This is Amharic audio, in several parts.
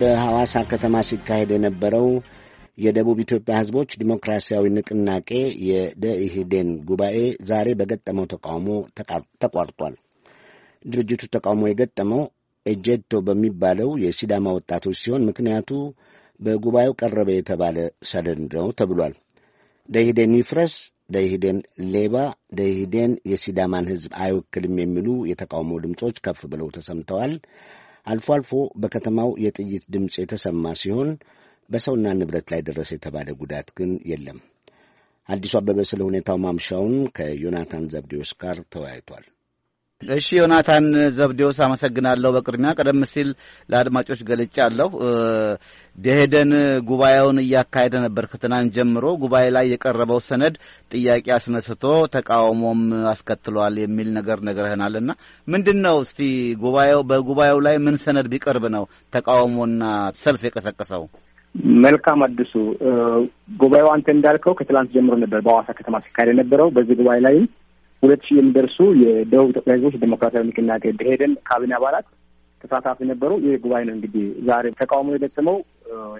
በሐዋሳ ከተማ ሲካሄድ የነበረው የደቡብ ኢትዮጵያ ሕዝቦች ዲሞክራሲያዊ ንቅናቄ የደኢህዴን ጉባኤ ዛሬ በገጠመው ተቃውሞ ተቋርጧል። ድርጅቱ ተቃውሞ የገጠመው ኤጀቶ በሚባለው የሲዳማ ወጣቶች ሲሆን ምክንያቱ በጉባኤው ቀረበ የተባለ ሰደድ ነው ተብሏል። ደኢህዴን ይፍረስ ደኢህዴን ሌባ፣ ደኢህዴን የሲዳማን ህዝብ አይወክልም የሚሉ የተቃውሞ ድምፆች ከፍ ብለው ተሰምተዋል። አልፎ አልፎ በከተማው የጥይት ድምፅ የተሰማ ሲሆን በሰውና ንብረት ላይ ደረሰ የተባለ ጉዳት ግን የለም። አዲሱ አበበ ስለ ሁኔታው ማምሻውን ከዮናታን ዘብዴዎስ ጋር ተወያይቷል። እሺ ዮናታን ዘብዴዎስ አመሰግናለሁ። በቅድሚያ ቀደም ሲል ለአድማጮች ገልጫ አለሁ ደሄደን ጉባኤውን እያካሄደ ነበር። ከትናንት ጀምሮ ጉባኤ ላይ የቀረበው ሰነድ ጥያቄ አስነስቶ ተቃውሞም አስከትሏል የሚል ነገር ነግረህናል እና ምንድን ነው እስቲ ጉባኤው በጉባኤው ላይ ምን ሰነድ ቢቀርብ ነው ተቃውሞና ሰልፍ የቀሰቀሰው? መልካም አዲሱ ጉባኤው አንተ እንዳልከው ከትላንት ጀምሮ ነበር በሐዋሳ ከተማ ሲካሄድ የነበረው። በዚህ ጉባኤ ላይም ሁለት ሺህ የሚደርሱ የደቡብ ኢትዮጵያ ህዝቦች ዴሞክራሲያዊ ንቅናቄ ብሄደን ካቢኔ አባላት ተሳታፊ ነበሩ። ይህ ጉባኤ ነው እንግዲህ ዛሬ ተቃውሞ የገጠመው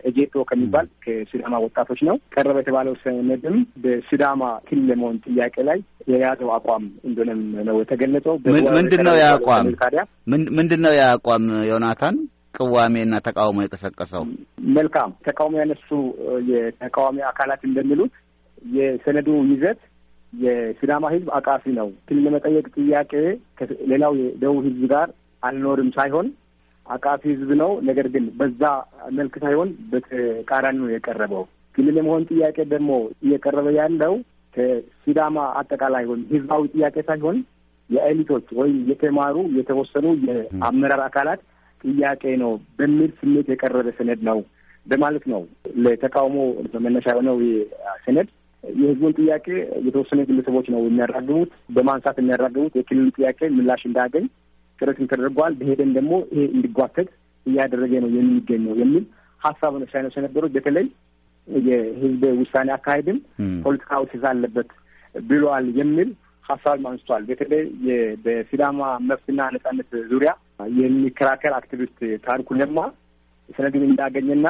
ኤጄቶ ከሚባል ከሲዳማ ወጣቶች ነው። ቀረበ የተባለው ሰነድም በሲዳማ ክልል ለመሆን ጥያቄ ላይ የያዘው አቋም እንደሆነም ነው የተገለጸው። ምንድን ነው የአቋም ታዲያ ምንድን ነው የአቋም ዮናታን? ቅዋሜና ተቃውሞ የቀሰቀሰው መልካም ተቃውሞ ያነሱ የተቃዋሚ አካላት እንደሚሉት የሰነዱ ይዘት የሲዳማ ህዝብ አቃፊ ነው። ክልል መጠየቅ ጥያቄ ሌላው የደቡብ ህዝብ ጋር አልኖርም ሳይሆን አቃፊ ህዝብ ነው። ነገር ግን በዛ መልክ ሳይሆን በተቃራኒ ነው የቀረበው። ክልል የመሆን ጥያቄ ደግሞ እየቀረበ ያለው ከሲዳማ አጠቃላይ ወይም ህዝባዊ ጥያቄ ሳይሆን የኤሊቶች ወይም የተማሩ የተወሰኑ የአመራር አካላት ጥያቄ ነው በሚል ስሜት የቀረበ ሰነድ ነው በማለት ነው ለተቃውሞ መነሻ የሆነው ሰነድ የህዝቡን ጥያቄ የተወሰነ ግለሰቦች ነው የሚያራግቡት፣ በማንሳት የሚያራግቡት የክልሉ ጥያቄ ምላሽ እንዳያገኝ ጥረትም ተደርጓል። በሄደን ደግሞ ይሄ እንዲጓተት እያደረገ ነው የሚገኘው የሚል ሀሳብ ነው ሳይነሱ የነበሩት። በተለይ የህዝብ ውሳኔ አካሄድም ፖለቲካዊ ስዛ አለበት ብሏል የሚል ሀሳብም አንስቷል። በተለይ በሲዳማ መብትና ነጻነት ዙሪያ የሚከራከር አክቲቪስት ታሪኩ ለማ ሰነድን እንዳገኘና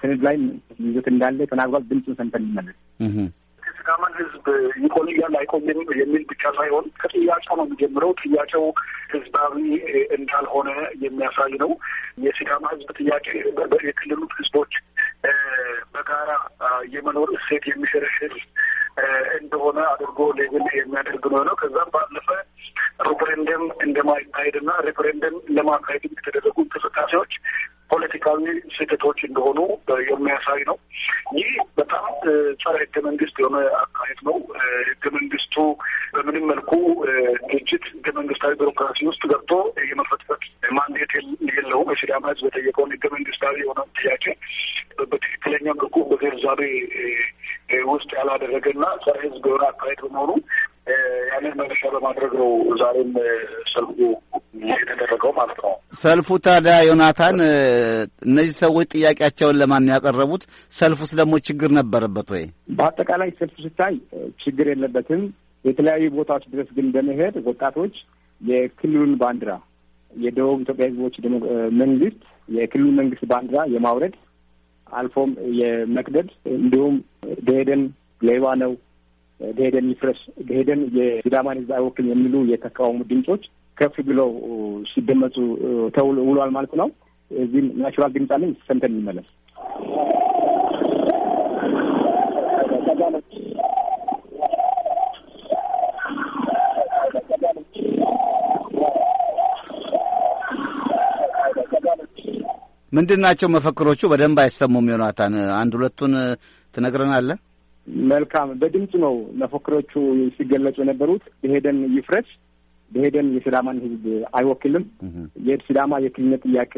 ሰነድ ላይ ይዞት እንዳለ ተናግሯል። ድምፁን ሰምተን እንመለስ። የሲዳማን ህዝብ ይቆያል አይቆይም የሚል ብቻ ሳይሆን ከጥያቄው ነው የሚጀምረው። ጥያቄው ህዝባዊ እንዳልሆነ የሚያሳይ ነው። የሲዳማ ህዝብ ጥያቄ የክልሉ ህዝቦች በጋራ የመኖር እሴት የሚሸረሽር እንደሆነ አድርጎ ሌብል የሚያደርግ ነው ነው። ከዛም ባለፈ ሬፈረንደም እንደማይካሄድና ሬፈረንደም ለማካሄድ የተደረጉ እንቅስቃሴዎች ፖለቲካዊ ስህተቶች እንደሆኑ የሚያሳይ ነው። ይህ በጣም ጸረ ህገ መንግስት የሆነ አካሄድ ነው። ህገ መንግስቱ በምንም መልኩ ድርጅት ህገ መንግስታዊ ቢሮክራሲ ውስጥ ገብቶ የመፈጥፈት ማንዴት የለውም። የሲዳማ ህዝብ የጠየቀውን ህገ መንግስታዊ የሆነ ጥያቄ በትክክለኛ መልኩ በግንዛቤ ውስጥ ያላደረገና ጸረ ህዝብ የሆነ አካሄድ በመሆኑ ያንን መነሻ በማድረግ ነው ዛሬም ሰልፉ የተደረገው ማለት ነው። ሰልፉ ታዲያ ዮናታን፣ እነዚህ ሰዎች ጥያቄያቸውን ለማን ያቀረቡት? ሰልፉስ ደግሞ ችግር ነበረበት ወይ? በአጠቃላይ ሰልፉ ሲታይ ችግር የለበትም። የተለያዩ ቦታዎች ድረስ ግን በመሄድ ወጣቶች የክልሉን ባንዲራ የደቡብ ኢትዮጵያ ሕዝቦች መንግስት የክልሉ መንግስት ባንዲራ የማውረድ አልፎም የመቅደድ እንዲሁም ደሄደን ሌባ ነው፣ ደሄደን ይፍረስ፣ ደሄደን የሲዳማን ሕዝብ አይወክልም የሚሉ የተቃውሙ ድምጾች ከፍ ብለው ሲደመጡ ተውሏል ማለት ነው። እዚህም ናቹራል ድምፅ አለኝ ሰምተን እንመለስ። ምንድን ናቸው መፈክሮቹ? በደንብ አይሰሙም። ዮናታን አንድ ሁለቱን ትነግረናለህ? መልካም። በድምፅ ነው መፈክሮቹ ሲገለጹ የነበሩት። ሄደን ይፍረስ በሄደን የሲዳማን ህዝብ አይወክልም። የሲዳማ የክልልነት ጥያቄ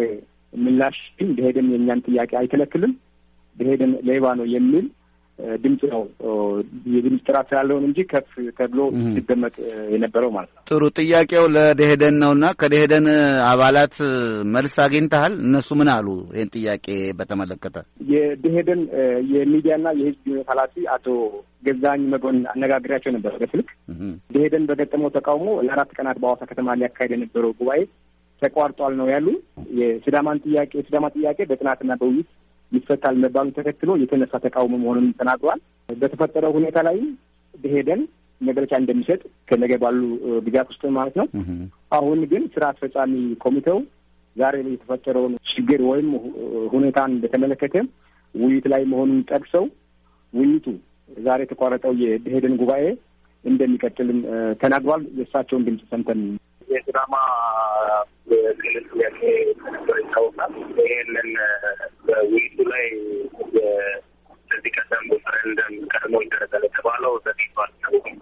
ምላሽ ግን በሄደን የእኛን ጥያቄ አይከለክልም። በሄደን ሌባ ነው የሚል ድምፅ ነው የድምፅ ጥራት ስላለውን እንጂ ከፍ ተብሎ ሲደመጥ የነበረው ማለት ነው። ጥሩ ጥያቄው ለደሄደን ነውና ከደሄደን አባላት መልስ አግኝተሃል? እነሱ ምን አሉ? ይህን ጥያቄ በተመለከተ የደሄደን የሚዲያና የህዝብ ግንኙነት ኃላፊ አቶ ገዛኝ መጎን አነጋግሪያቸው ነበር በስልክ። ደሄደን በገጠመው ተቃውሞ ለአራት ቀናት በሐዋሳ ከተማ ሊያካሄድ የነበረው ጉባኤ ተቋርጧል ነው ያሉ። የስዳማን ጥያቄ የስዳማ ጥያቄ በጥናትና በውይይት ይፈታል መባሉ ተከትሎ የተነሳ ተቃውሞ መሆኑን ተናግሯል። በተፈጠረው ሁኔታ ላይ ብሄደን መግለጫ እንደሚሰጥ ከነገ ባሉ ግዛት ውስጥ ማለት ነው። አሁን ግን ስራ አስፈጻሚ ኮሚቴው ዛሬ የተፈጠረውን ችግር ወይም ሁኔታን በተመለከተ ውይይት ላይ መሆኑን ጠቅሰው ውይይቱ ዛሬ የተቋረጠው የደኢህዴን ጉባኤ እንደሚቀጥልም ተናግሯል። የእሳቸውን ድምፅ ሰምተን የሲዳማ የክልል ጥያቄ ነበር ይታወቃል። ይሄንን በውይይቱ ላይ ከዚህ ቀደም ሪፈረንደም ቀድሞ ይደረጋል የተባለው በፊቷል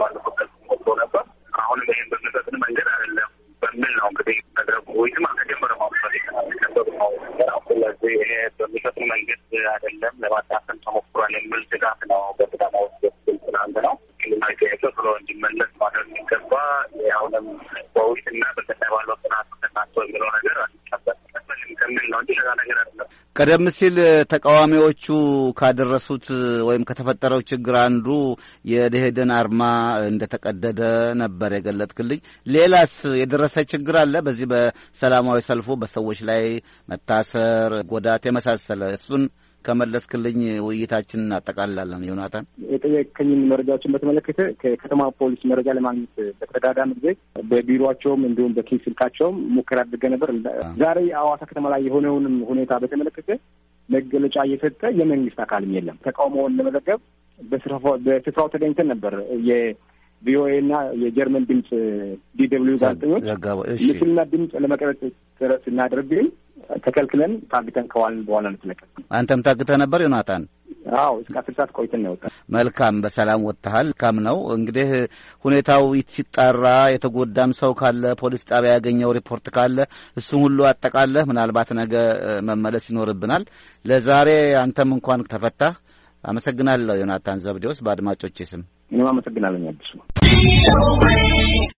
ባለፈው ሞቶ ነበር። አሁንም ይህን በሚፈጥን መንገድ አይደለም በሚል ነው እንግዲህ መድረጉ ውይይትም አልተጀመረም። አሁን ሊጀመሩ ነው። ስለዚህ ይሄ በሚፈቅድ መንገድ አይደለም ለማዳፈን ተሞክሯል የሚል ስጋት ነው በስዳማ ውስጥ ስል ስላለ ነው ክልላዊ ጥያቄው ቶሎ እንዲመለስ ቀደም ሲል ተቃዋሚዎቹ ካደረሱት ወይም ከተፈጠረው ችግር አንዱ የደኢህዴን አርማ እንደተቀደደ ነበር የገለጥክልኝ። ሌላስ የደረሰ ችግር አለ? በዚህ በሰላማዊ ሰልፉ በሰዎች ላይ መታሰር፣ ጎዳት የመሳሰለ እሱን ከመለስክልኝ ውይይታችን እናጠቃላለን። ዮናታን የጠየቀኝን መረጃዎችን በተመለከተ ከከተማ ፖሊስ መረጃ ለማግኘት በተደጋጋሚ ጊዜ በቢሮቸውም እንዲሁም በኪስ ስልካቸውም ሙከራ አድርገ ነበር። ዛሬ አዋሳ ከተማ ላይ የሆነውንም ሁኔታ በተመለከተ መገለጫ እየሰጠ የመንግስት አካልም የለም። ተቃውሞውን ለመዘገብ በስፍራው ተገኝተን ነበር የቪኦኤ እና የጀርመን ድምፅ ዲደብሊዩ ጋዜጠኞች ምስልና ድምፅ ለመቀረጽ ጥረት እናደርግ ተከልክለን ታግተን ከዋልን በኋላ ነው የተለቀቅን። አንተም ታግተህ ነበር ዮናታን? አዎ እስከ አስር ሰዓት ቆይተን ነው የወጣን። መልካም በሰላም ወጥተሃል። መልካም ነው እንግዲህ ሁኔታው ሲጣራ የተጎዳም ሰው ካለ ፖሊስ ጣቢያ ያገኘው ሪፖርት ካለ እሱን ሁሉ አጠቃለህ ምናልባት ነገ መመለስ ይኖርብናል። ለዛሬ አንተም እንኳን ተፈታህ። አመሰግናለሁ ዮናታን ዘብዴዎስ በአድማጮቼ ስም እኔም አመሰግናለኝ አዲሱ